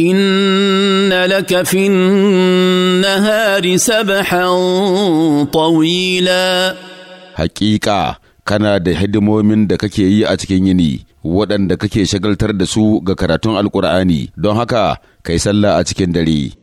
ان لك في النهار سبحا طويلا حقيقه kana da hidimomin da kake yi a cikin yini waɗanda kake shagaltar da su ga karatun alkur'ani don haka kai sallah a cikin dare